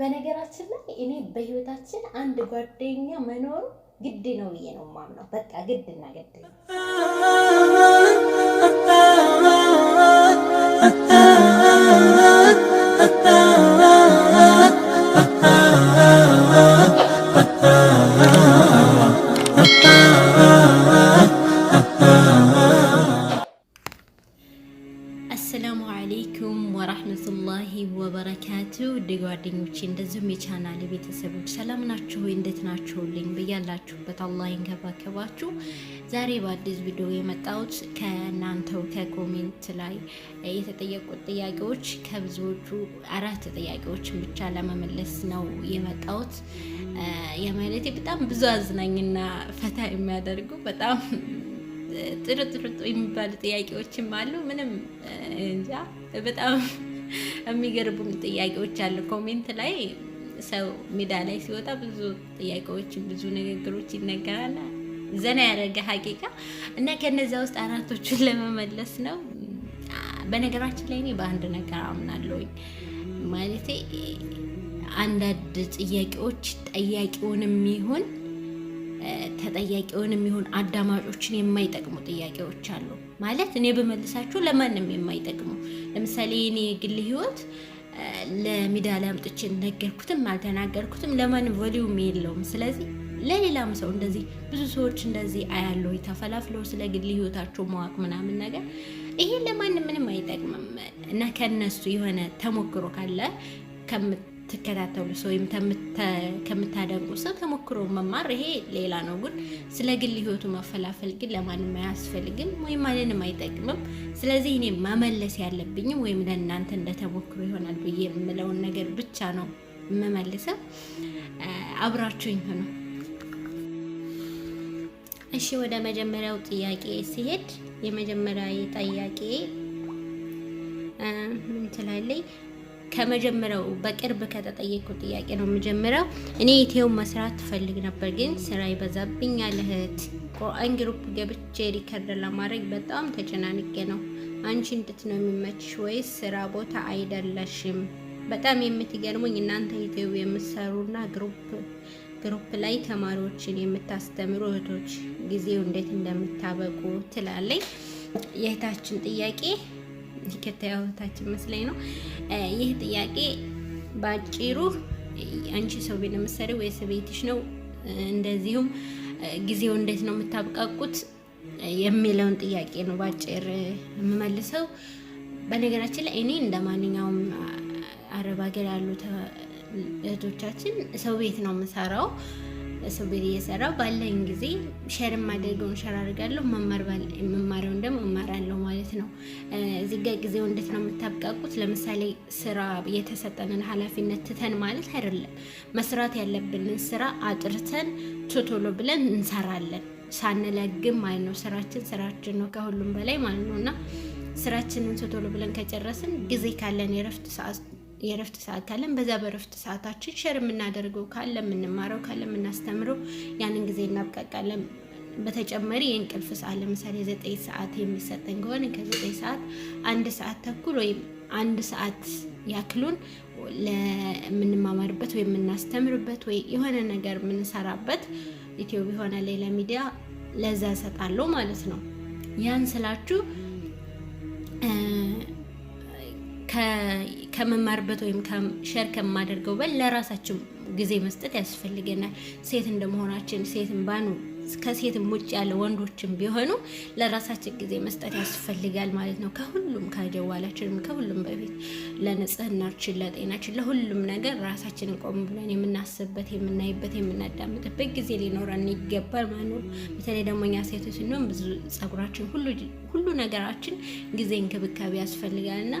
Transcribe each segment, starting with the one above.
በነገራችን ላይ እኔ በህይወታችን አንድ ጓደኛ መኖሩ ግድ ነው ብዬ ነው የማምነው። በቃ ግድና ግድ ነው። ወራህመቱላሂ ወበረካቱ ውድ ጓደኞቼ እንደዚሁም የቻናል ቤተሰቦች ሰላም ናችሁ ወይ? እንዴት ናችሁልኝ? ብያላችሁበት አላህ ይንከባከባችሁ። ዛሬ በአዲስ ቪዲዮ የመጣሁት ከእናንተው ከኮሜንት ላይ የተጠየቁት ጥያቄዎች ከብዙዎቹ አራት ጥያቄዎችን ብቻ ለመመለስ ነው የመጣሁት። የማለቴ በጣም ብዙ አዝናኝና ፈታ የሚያደርጉ በጣም ጥርጥርጡ የሚባሉ ጥያቄዎችም አሉ። ምንም እንጃ በጣም የሚገርቡም ጥያቄዎች አሉ። ኮሜንት ላይ ሰው ሜዳ ላይ ሲወጣ ብዙ ጥያቄዎችን ብዙ ንግግሮች ይነገራል። ዘና ያደረገ ሀቂቃ እና ከነዚያ ውስጥ አራቶቹን ለመመለስ ነው። በነገራችን ላይ እኔ በአንድ ነገር አምናለሁኝ ማለቴ አንዳንድ ጥያቄዎች ጠያቂውንም ይሁን ተጠያቂውን የሚሆን አዳማጮችን የማይጠቅሙ ጥያቄዎች አሉ። ማለት እኔ በመልሳችሁ ለማንም የማይጠቅሙ ለምሳሌ እኔ የግል ህይወት ለሚዲያ ላይ አምጥቼ ነገርኩትም አልተናገርኩትም ለማንም ቮሊዩም የለውም። ስለዚህ ለሌላም ሰው እንደዚህ ብዙ ሰዎች እንደዚህ አያለው ተፈላፍለው ስለ ግል ህይወታቸው ማወቅ ምናምን ነገር ይሄ ለማንም ምንም አይጠቅምም እና ከነሱ የሆነ ተሞክሮ ካለ ከምትከታተሉ ሰው ወይም ከምታደንቁ ሰው ተሞክሮ መማር ይሄ ሌላ ነው። ግን ስለ ግል ህይወቱ መፈላፈል ግን ለማንም አያስፈልግም ወይም ማንንም አይጠቅምም። ስለዚህ እኔ መመለስ ያለብኝም ወይም ለእናንተ እንደተሞክሮ ይሆናል ብዬ የምለውን ነገር ብቻ ነው የምመልሰው። አብራችሁኝ ሆኖ እሺ ወደ መጀመሪያው ጥያቄ ሲሄድ የመጀመሪያ ጥያቄ ምን ትላለች? ከመጀመሪያው በቅርብ ከተጠየቁ ጥያቄ ነው የምጀምረው። እኔ ኢትዮ መስራት ትፈልግ ነበር፣ ግን ስራ ይበዛብኛል እህት። ቁርአን ግሩፕ ገብቼ ሪከርድ ለማድረግ በጣም ተጨናንቄ ነው። አንቺ እንዴት ነው የሚመችሽ? ወይስ ስራ ቦታ አይደለሽም? በጣም የምትገርሙኝ እናንተ ኢትዮ የምትሰሩና ግሩፕ ግሩፕ ላይ ተማሪዎችን የምታስተምሩ እህቶች ጊዜው እንዴት እንደምታበቁ ትላለኝ። የእህታችን ጥያቄ ከተያወታችን መስለኝ ነው። ይህ ጥያቄ ባጭሩ አንቺ ሰው ቤት ነው የምትሰሪው ወይስ ቤትሽ ነው፣ እንደዚሁም ጊዜው እንዴት ነው የምታብቃቁት የሚለውን ጥያቄ ነው ባጭር የምመልሰው። በነገራችን ላይ እኔ እንደ ማንኛውም አረብ ሀገር ያሉ እህቶቻችን ሰው ቤት ነው የምሰራው። ሰው ቤት እየሰራው ባለኝ ጊዜ ሸር የማደርገውን ሸር አድርጋለሁ፣ መማረውን ደግሞ እማራለሁ ማለት ነው። እዚህ ጋር ጊዜው እንዴት ነው የምታብቃቁት? ለምሳሌ ስራ የተሰጠንን ኃላፊነት ትተን ማለት አይደለም። መስራት ያለብንን ስራ አጥርተን ቶቶሎ ብለን እንሰራለን፣ ሳንለግም ማለት ነው። ስራችን ስራችን ነው ከሁሉም በላይ ማለት ነው እና ስራችንን ቶቶሎ ብለን ከጨረስን ጊዜ ካለን የረፍት ሰዓት የረፍት ሰዓት ካለን በዛ በረፍት ሰዓታችን ሸር የምናደርገው ካለ የምንማረው ካለ የምናስተምረው ያንን ጊዜ እናብቃቃለን። በተጨማሪ የእንቅልፍ ሰዓት ለምሳሌ ዘጠኝ ሰዓት የሚሰጠን ከሆነ ከዘጠኝ ሰዓት አንድ ሰዓት ተኩል ወይም አንድ ሰዓት ያክሉን ለምንማማርበት ወይም የምናስተምርበት ወይ የሆነ ነገር የምንሰራበት ኢትዮ ሆነ ሌላ ሚዲያ ለዛ እሰጣለሁ ማለት ነው። ያን ስላችሁ ከምማርበት ወይም ሸር ከማደርገው በል ለራሳችን ጊዜ መስጠት ያስፈልገናል። ሴት እንደመሆናችን ሴት ባኑ ከሴትም ውጭ ያለ ወንዶችም ቢሆኑ ለራሳችን ጊዜ መስጠት ያስፈልጋል ማለት ነው። ከሁሉም ከጀዋላችንም ከሁሉም በፊት ለንጽህናችን፣ ለጤናችን፣ ለሁሉም ነገር ራሳችንን ቆም ብለን የምናስብበት፣ የምናይበት፣ የምናዳምጥበት ጊዜ ሊኖረን ይገባል ማለት ነው። በተለይ ደግሞ እኛ ሴቶች ስንሆን ብዙ ጸጉራችን፣ ሁሉ ነገራችን ጊዜ እንክብካቤ ያስፈልጋል እና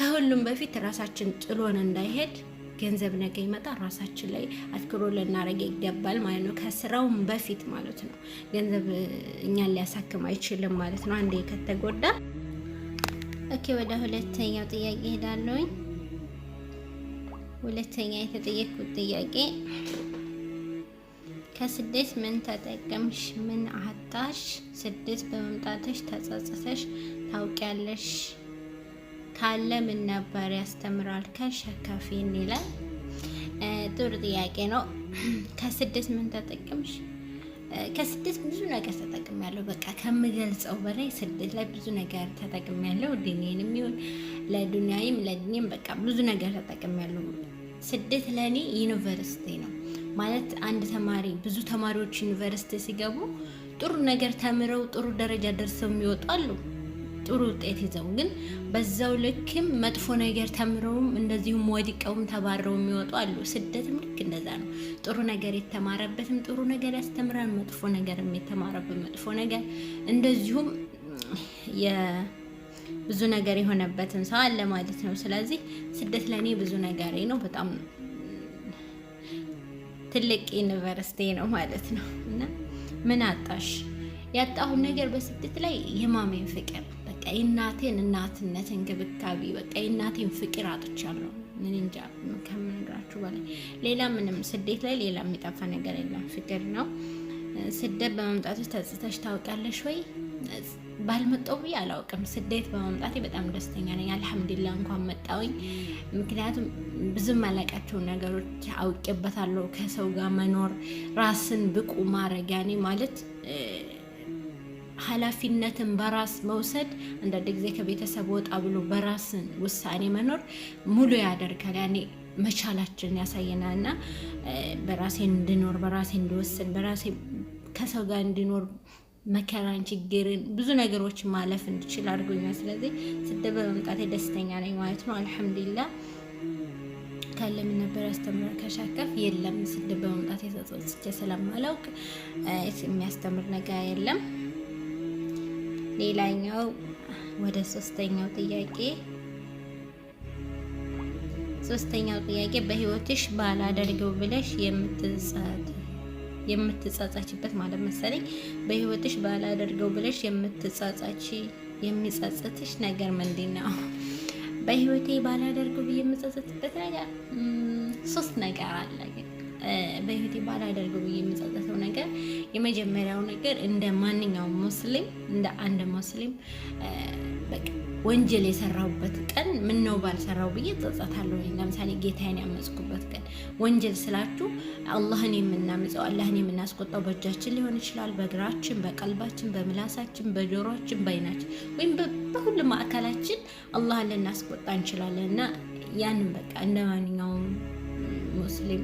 ከሁሉም በፊት ራሳችን ጥሎን እንዳይሄድ ገንዘብ ነገ ይመጣ ራሳችን ላይ አትክሮ ልናረግ ይገባል ማለት ነው። ከስራውም በፊት ማለት ነው። ገንዘብ እኛን ሊያሳክም አይችልም ማለት ነው። አንዴ ከተጎዳ። ኦኬ፣ ወደ ሁለተኛው ጥያቄ ሄዳለሁኝ። ሁለተኛ የተጠየቅኩት ጥያቄ ከስደት ምን ተጠቀምሽ? ምን አጣሽ? ስደት በመምጣትሽ ተጸጽተሽ ታውቂያለሽ? ካለ ምን ነበር ያስተምራል ከሸከፊን ይላል። ጥሩ ጥያቄ ነው። ከስድስት ምን ተጠቅምሽ? ከስድስት ብዙ ነገር ተጠቅሚያለሁ። በቃ ከምገልጸው በላይ ስድስት ላይ ብዙ ነገር ተጠቅሚያለሁ። ዲኔንም ይሁን ለዱንያይም ለዲኔም በቃ ብዙ ነገር ተጠቅሚያለሁ። ስደት ለእኔ ዩኒቨርሲቲ ነው ማለት አንድ ተማሪ ብዙ ተማሪዎች ዩኒቨርሲቲ ሲገቡ ጥሩ ነገር ተምረው ጥሩ ደረጃ ደርሰው የሚወጣሉ። ጥሩ ውጤት ይዘው ግን በዛው ልክም መጥፎ ነገር ተምረውም እንደዚሁም ወድቀውም ተባረው የሚወጡ አሉ። ስደትም ልክ እንደዛ ነው። ጥሩ ነገር የተማረበትም ጥሩ ነገር ያስተምራል፣ መጥፎ ነገርም የተማረበት መጥፎ ነገር እንደዚሁም ብዙ ነገር የሆነበትን ሰው አለ ማለት ነው። ስለዚህ ስደት ለእኔ ብዙ ነገር ነው። በጣም ትልቅ ዩኒቨርሲቲ ነው ማለት ነው። እና ምን አጣሽ? ያጣሁን ነገር በስደት ላይ የማሜን ፍቅር በቃ የእናቴን እናትነት እንክብካቤ በቃ የእናቴን ፍቅር አጥቻለሁ። ምን እንጃ ከምንራችሁ በላይ ሌላ ምንም ስደት ላይ ሌላ የሚጠፋ ነገር የለም፣ ፍቅር ነው። ስደት በመምጣትሽ ተጽተሽ ታውቂያለሽ ወይ? ባልመጣው ብዬ አላውቅም። ስደት በመምጣቴ በጣም ደስተኛ ነኝ። አልሐምዱሊላ እንኳን መጣውኝ። ምክንያቱም ብዙም አላውቃቸው ነገሮች አውቄበታለሁ። ከሰው ጋር መኖር ራስን ብቁ ማድረግ ያኔ ማለት ኃላፊነትን በራስ መውሰድ አንዳንድ ጊዜ ከቤተሰብ ወጣ ብሎ በራስን ውሳኔ መኖር ሙሉ ያደርጋል። ያኔ መቻላችን ያሳየናል እና በራሴ እንድኖር በራሴ እንድወስን በራሴ ከሰው ጋር እንድኖር መከራን፣ ችግርን፣ ብዙ ነገሮች ማለፍ እንድችል አድርጎኛል። ስለዚህ ስደት በመምጣቴ ደስተኛ ነኝ ማለት ነው። አልሐምዱሊላ ካለም ነበር ያስተምራል። ከሻከፍ የለም ስደት በመምጣቴ ተጸጽቼ ስለማላውቅ የሚያስተምር ነገር የለም። ሌላኛው ወደ ሶስተኛው ጥያቄ ሶስተኛው ጥያቄ በህይወትሽ ባላደርገው ብለሽ የምትጻጻችበት ማለት መሰለኝ። በህይወትሽ ባላደርገው ብለሽ የምትጻጻች የሚጻጽትሽ ነገር ምንድን ነው? በህይወቴ ባላደርገው ብዬ የምጻጽትበት ነገር ሶስት ነገር አለ ግን በህይወቴ ባላደርገው ብዬ የምጸጸተው ነገር የመጀመሪያው ነገር እንደ ማንኛውም ሙስሊም እንደ አንድ ሙስሊም ወንጀል የሰራሁበት ቀን ምን ነው ባልሰራው ብዬ ጸጸታለሁ። ለምሳሌ ጌታዬን ያመጽኩበት ቀን ወንጀል ስላችሁ አላህን የምናምጸው አላህን የምናስቆጣው በእጃችን ሊሆን ይችላል፣ በእግራችን፣ በቀልባችን፣ በምላሳችን፣ በጆሮችን፣ በአይናችን ወይም በሁሉም አካላችን አላህን ልናስቆጣ እንችላለን እና ያንን በቃ እንደ ማንኛውም ሙስሊም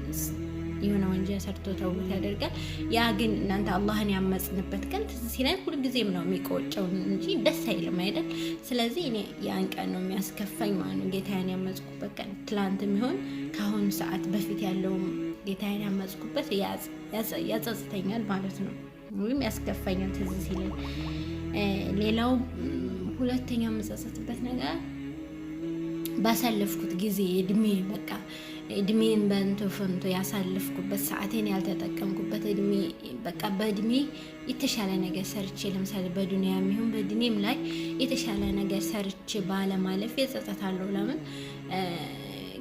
የሆነ ወንጀል ሰርቶ ተውት ያደርጋል። ያ ግን እናንተ አላህን ያመጽንበት ቀን ትዝ ሲለን ሁልጊዜም ነው የሚቆጨው እንጂ ደስ አይልም አይደል? ስለዚህ እኔ ያን ቀን ነው የሚያስከፋኝ ማለት ነው። ጌታዬን ያመጽኩበት ቀን ትላንት የሚሆን ከአሁኑ ሰዓት በፊት ያለውም ጌታዬን ያመጽኩበት ያጸጽተኛል ማለት ነው፣ ወይም ያስከፋኛል ትዝ ሲለኝ። ሌላው ሁለተኛው የምጸጸትበት ነገር ባሳለፍኩት ጊዜ እድሜ በቃ እድሜን በንቶ ፈንቶ ያሳልፍኩበት ሰዓቴን ያልተጠቀምኩበት እድሜ በቃ በእድሜ የተሻለ ነገር ሰርቼ ለምሳሌ በዱኒያ የሚሆን በድኔም ላይ የተሻለ ነገር ሰርቼ ባለማለፍ የጸጸታለሁ። ለምን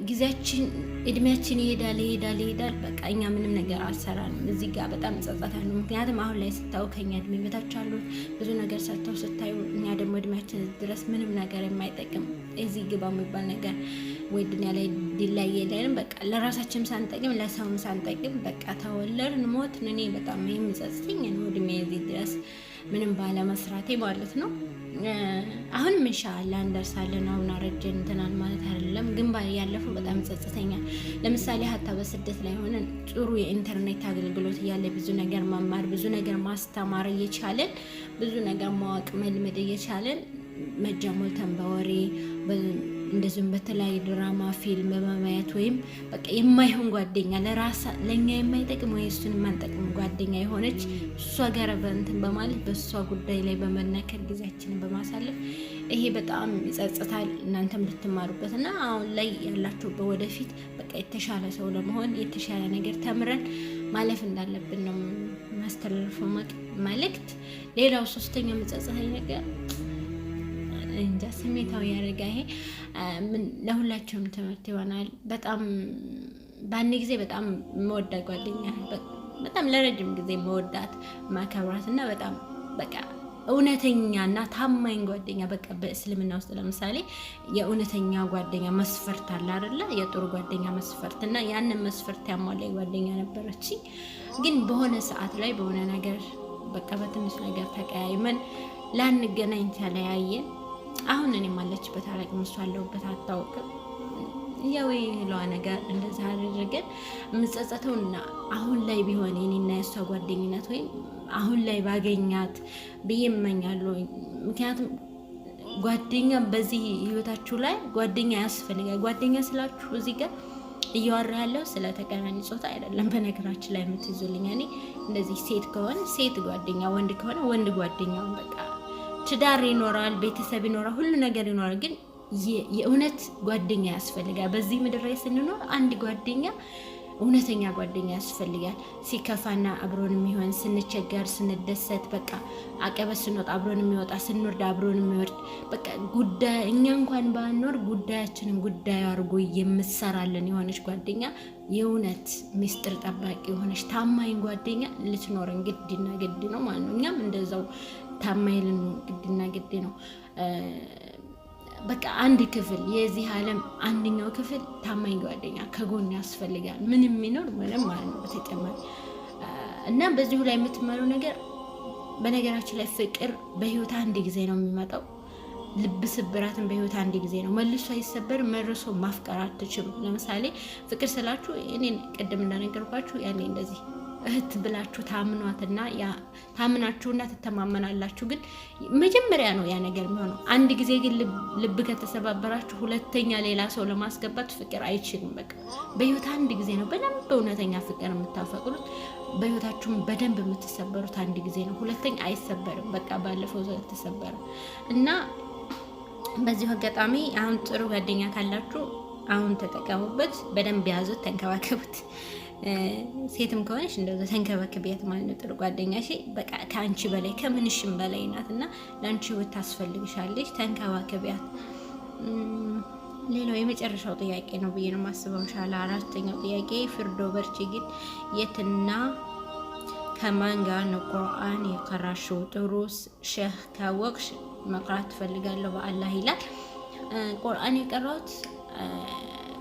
ጊዜያችን እድሜያችን ይሄዳል ይሄዳል ይሄዳል። በቃ እኛ ምንም ነገር አልሰራንም። እዚህ ጋር በጣም እጸጸታለሁ። ምክንያቱም አሁን ላይ ስታዩ ከኛ እድሜ በታች አሉት ብዙ ነገር ሰርተው ስታዩ፣ እኛ ደግሞ እድሜያችን ድረስ ምንም ነገር የማይጠቅም እዚህ ግባ የሚባል ነገር ወይ ዱኒያ ላይ ድል ላይ የለንም። በቃ ለራሳችንም ሳንጠቅም ለሰውም ሳንጠቅም በቃ ተወለድን ሞት። እኔ በጣም ነው እድሜ እዚህ ድረስ ምንም ባለመስራቴ ማለት ነው። አሁንም ኢንሻላህ እንደርሳለን። አሁን አረጀን እንትናል ማለት አይደለም፣ ግን ያለፈው በጣም ጸጽተኛል። ለምሳሌ ሀታ በስደት ላይ ሆነን ጥሩ የኢንተርኔት አገልግሎት እያለ ብዙ ነገር መማር፣ ብዙ ነገር ማስተማር እየቻለን ብዙ ነገር ማወቅ መልመድ እየቻለን መጃሞልተን በወሬ እንደዚሁም በተለያዩ ድራማ፣ ፊልም በማማየት ወይም በቃ የማይሆን ጓደኛ ለራሳ ለእኛ የማይጠቅም ወይ እሱን የማንጠቅም ጓደኛ የሆነች እሷ ጋር በእንትን በማለት በእሷ ጉዳይ ላይ በመናከር ጊዜያችንን በማሳለፍ ይሄ በጣም ይጸጽታል። እናንተም ብትማሩበት እና አሁን ላይ ያላችሁ ወደፊት በቃ የተሻለ ሰው ለመሆን የተሻለ ነገር ተምረን ማለፍ እንዳለብን ነው ማስተላለፈው መልእክት። ሌላው ሶስተኛው መጸጸተኝ ነገር እንጃ ስሜታዊ ያደርጋ። ይሄ ለሁላቸውም ትምህርት ይሆናል። በጣም በአንድ ጊዜ በጣም መወዳ ጓደኛ በጣም ለረጅም ጊዜ መወዳት ማከብራት እና በጣም በቃ እውነተኛ እና ታማኝ ጓደኛ በቃ በእስልምና ውስጥ ለምሳሌ የእውነተኛ ጓደኛ መስፈርት አለ አይደለ? የጥሩ ጓደኛ መስፈርት እና ያንን መስፈርት ያሟላ ጓደኛ ነበረች። ግን በሆነ ሰዓት ላይ በሆነ ነገር በቃ በትንሽ ነገር ተቀያይመን ላንገናኝ ተለያየን። አሁን እኔም አለችበት አላውቅም፣ እሱ አለሁበት አታውቅም። ያው የሌላዋ ነገር እንደዛ አድርገን የምጸጸተውና አሁን ላይ ቢሆን የኔና የእሷ ጓደኝነት ወይም አሁን ላይ ባገኛት ብዬ እመኛለሁ። ምክንያቱም ጓደኛ በዚህ ህይወታችሁ ላይ ጓደኛ ያስፈልጋል። ጓደኛ ስላችሁ እዚህ ጋር እያወራ ያለው ስለ ተቃራኒ ጾታ አይደለም። በነገራችን ላይ የምትይዙልኝ እኔ እንደዚህ ሴት ከሆነ ሴት ጓደኛ፣ ወንድ ከሆነ ወንድ ጓደኛውን በቃ ትዳር ይኖራል፣ ቤተሰብ ይኖራል፣ ሁሉ ነገር ይኖራል። ግን የእውነት ጓደኛ ያስፈልጋል። በዚህ ምድር ላይ ስንኖር አንድ ጓደኛ እውነተኛ ጓደኛ ያስፈልጋል። ሲከፋና አብሮን የሚሆን ስንቸገር፣ ስንደሰት፣ በቃ አቀበት ስንወጣ አብሮን የሚወጣ ስንወርድ አብሮን የሚወርድ በቃ ጉዳይ እኛ እንኳን ባንኖር ጉዳያችንን ጉዳዩ አድርጎ የምትሰራልን የሆነች ጓደኛ፣ የእውነት ሚስጥር ጠባቂ የሆነች ታማኝ ጓደኛ ልትኖረን ግድና ግድ ነው ማለት ነው። እኛም እንደዛው ታማኝ ልን ግድና ግድ ነው። በቃ አንድ ክፍል የዚህ ዓለም አንደኛው ክፍል ታማኝ ጓደኛ ከጎን ያስፈልጋል። ምንም የሚኖር ምንም ማለት ነው በተጨማሪ እና በዚሁ ላይ የምትመሩ ነገር በነገራችን ላይ ፍቅር በህይወት አንድ ጊዜ ነው የሚመጣው። ልብ ስብራትን በህይወት አንድ ጊዜ ነው መልሶ አይሰበር። መርሶ ማፍቀር አትችሉ። ለምሳሌ ፍቅር ስላችሁ እኔን ቅድም እንዳነገርኳችሁ ያኔ እንደዚህ እህት ብላችሁ ታምኗትና ታምናችሁና ትተማመናላችሁ። ግን መጀመሪያ ነው ያ ነገር የሚሆነው። አንድ ጊዜ ግን ልብ ከተሰባበራችሁ ሁለተኛ ሌላ ሰው ለማስገባት ፍቅር አይችልም። በቃ በህይወት አንድ ጊዜ ነው በደንብ እውነተኛ ፍቅር የምታፈቅሩት። በህይወታችሁም በደንብ የምትሰበሩት አንድ ጊዜ ነው። ሁለተኛ አይሰበርም። በቃ ባለፈው ዘ ተሰበረ እና በዚሁ አጋጣሚ አሁን ጥሩ ጓደኛ ካላችሁ አሁን ተጠቀሙበት። በደንብ ያዙት፣ ተንከባከቡት። ሴትም ከሆነች እንደዛ ተንከባከቢያት ማለት ነው። ጥሩ በቃ ከአንቺ በላይ ከምንሽም በላይ ናት እና ለአንቺ ውት ታስፈልግሻለች። ተንከባከቢያት። ሌላው የመጨረሻው ጥያቄ ነው ብዬ ነው የማስበው። እንሻላ አራተኛው ጥያቄ ፍርዶ ግን የትና ከማን ጋር ነው ቁርአን የቀራሽው? ጥሩ ሼህ ካወቅሽ መቅራት ትፈልጋለሁ በአላህ ይላል። ቁርአን የቀራሁት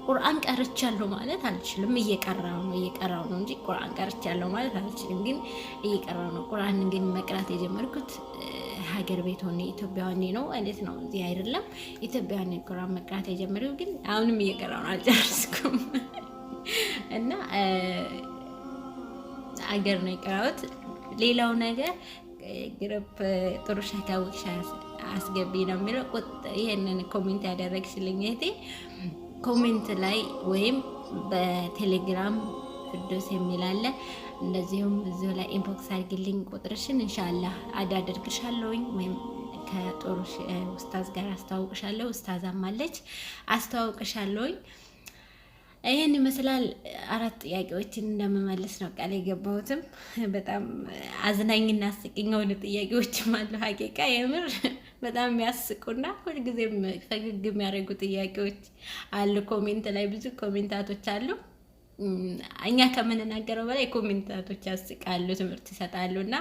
ቁርአን ቀርቻለሁ ማለት አልችልም። እየቀራው ነው እየቀራው ነው እንጂ ቁርአን ቀርቻለሁ ማለት አልችልም። ግን እየቀራው ነው። ቁርአን ግን መቅራት የጀመርኩት ሀገር ቤት ሆነ ኢትዮጵያ ሆኔ ነው ማለት ነው። እዚህ አይደለም ኢትዮጵያ ሆኔ ቁርአን መቅራት የጀመርኩ፣ ግን አሁንም እየቀራው ነው፣ አልጨርስኩም እና አገር ነው የቀራሁት። ሌላው ነገር ግሩፕ ጥሩ ሸካውሻ አስገቢ ነው የሚለው ይህንን ኮሜንት ያደረግሽልኝ እህቴ ኮሜንት ላይ ወይም በቴሌግራም ቅዱስ የሚል አለ። እንደዚሁም እዚሁ ላይ ኢንቦክስ አድርግልኝ ቁጥርሽን እንሻላህ አዳደርግሻለሁኝ ወይም ከጦር ኡስታዝ ጋር አስተዋውቅሻለሁ። ኡስታዛም አለች አስተዋውቅሻለሁኝ። ይህን ይመስላል። አራት ጥያቄዎችን እንደምመልስ ነው ቃል የገባሁትም በጣም አዝናኝና አስቂኝ የሆኑ ጥያቄዎችም አለው ሀቂቃ የምር በጣም የሚያስቁና ሁልጊዜም ፈገግ የሚያደርጉ ጥያቄዎች አሉ። ኮሜንት ላይ ብዙ ኮሜንታቶች አሉ። እኛ ከምንናገረው በላይ ኮሜንታቶች ያስቃሉ፣ ትምህርት ይሰጣሉ። እና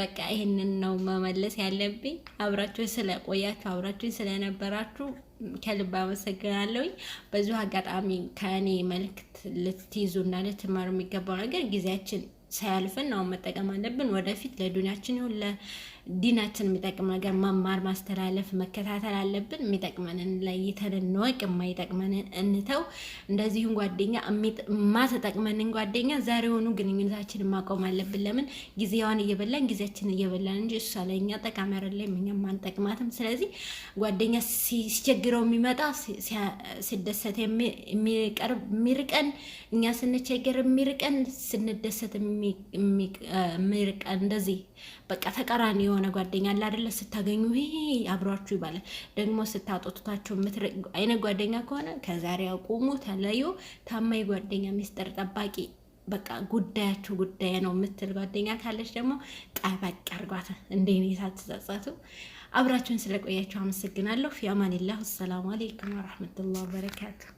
በቃ ይህንን ነው መመለስ ያለብኝ። አብራችሁን ስለቆያችሁ አብራችሁን ስለነበራችሁ ከልብ አመሰግናለሁኝ። በዚሁ አጋጣሚ ከእኔ መልክት ልትይዙና ልትማሩ የሚገባው ነገር ጊዜያችን ሳያልፍን አሁን መጠቀም አለብን። ወደፊት ለዱንያችን ይሁን ዲናችን የሚጠቅም ነገር መማር፣ ማስተላለፍ፣ መከታተል አለብን። የሚጠቅመንን ለይተን እንወቅ፣ የማይጠቅመንን እንተው። እንደዚሁም ጓደኛ ማተጠቅመንን ጓደኛ ዛሬውኑ ግንኙነታችንን ማቆም አለብን። ለምን ጊዜዋን እየበላን ጊዜያችን እየበላን እንጂ እሷ ለእኛ ጠቃሚ አይደለም፣ እኛም አንጠቅማትም። ስለዚህ ጓደኛ ሲቸግረው የሚመጣ ሲደሰት የሚርቀን፣ እኛ ስንቸገር የሚርቀን፣ ስንደሰት የሚርቀን፣ እንደዚህ በቃ ተቃራኒ የሆነ ጓደኛ አለ አይደለ? ስታገኙ ይሄ አብሯችሁ ይባላል። ደግሞ ስታጦቱታቸው የምትረቅ አይነት ጓደኛ ከሆነ ከዛሬ አቁሙ፣ ተለዩ። ታማኝ ጓደኛ፣ ሚስጥር ጠባቂ፣ በቃ ጉዳያችሁ ጉዳይ ነው የምትል ጓደኛ ካለች ደግሞ ጠበቅ አርጓት። እንደኔ ሳትጸጸቱ አብራችሁን ስለቆያችሁ አመሰግናለሁ። ፊ አማኒላህ። አሰላሙ አሌይኩም ወረሕመቱላህ በረካቱ